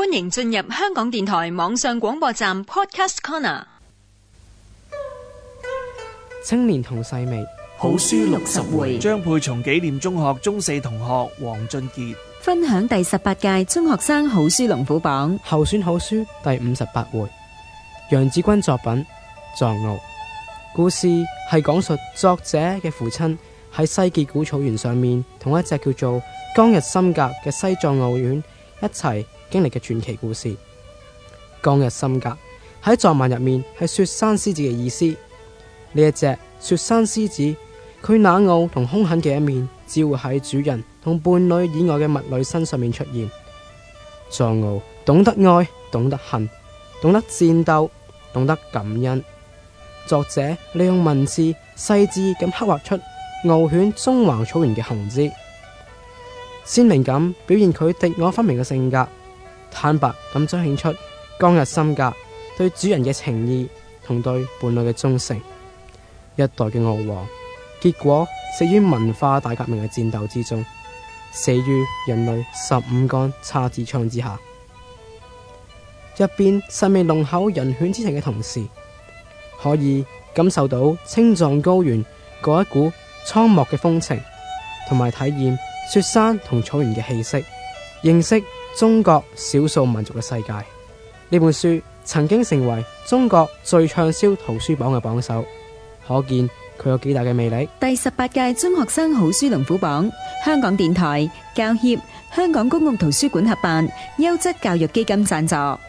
歡迎進入香港電台網上廣播站 Podcast Corner。青年同細味好書六十回。張沛松紀念中學中四同學黃浚傑分享第十八屆中學生好書龍虎榜候選好書第五十八回，楊志軍作品《藏獒》。故事係講述作者嘅父親喺西結古草原上面，同一隻叫做江日森格嘅西藏獒犬一齊經歷嘅傳奇故事，岡日森格喺藏文入面係雪山獅子嘅意思。呢一隻雪山獅子，佢冷傲同凶狠嘅一面，只會喺主人同伴侶以外嘅物女身上面出現。藏獒懂得愛，懂得恨，懂得戰鬥，懂得感恩。作者利用文字細緻咁刻畫出獒犬中橫草原嘅雄姿，鮮明咁表現佢敵我分明嘅性格。坦白咁彰顯出岡日森格對主人嘅情意同對伴侶嘅忠誠，一代嘅獒王，結果死於文化大革命嘅戰鬥之中，死於人類十五杆叉子槍之下。入邊細味濃厚人犬之情嘅同時，可以感受到青藏高原嗰一股蒼漠嘅風情，同埋體驗雪山同草原嘅氣息，認識。中國少數民族嘅世界，呢本書曾經成為中國最暢銷圖書榜嘅榜首，可見佢有幾大嘅魅力。第十八屆中學生好書龍虎榜，香港電台、教協、香港公共圖書館合辦，優質教育基金讚助。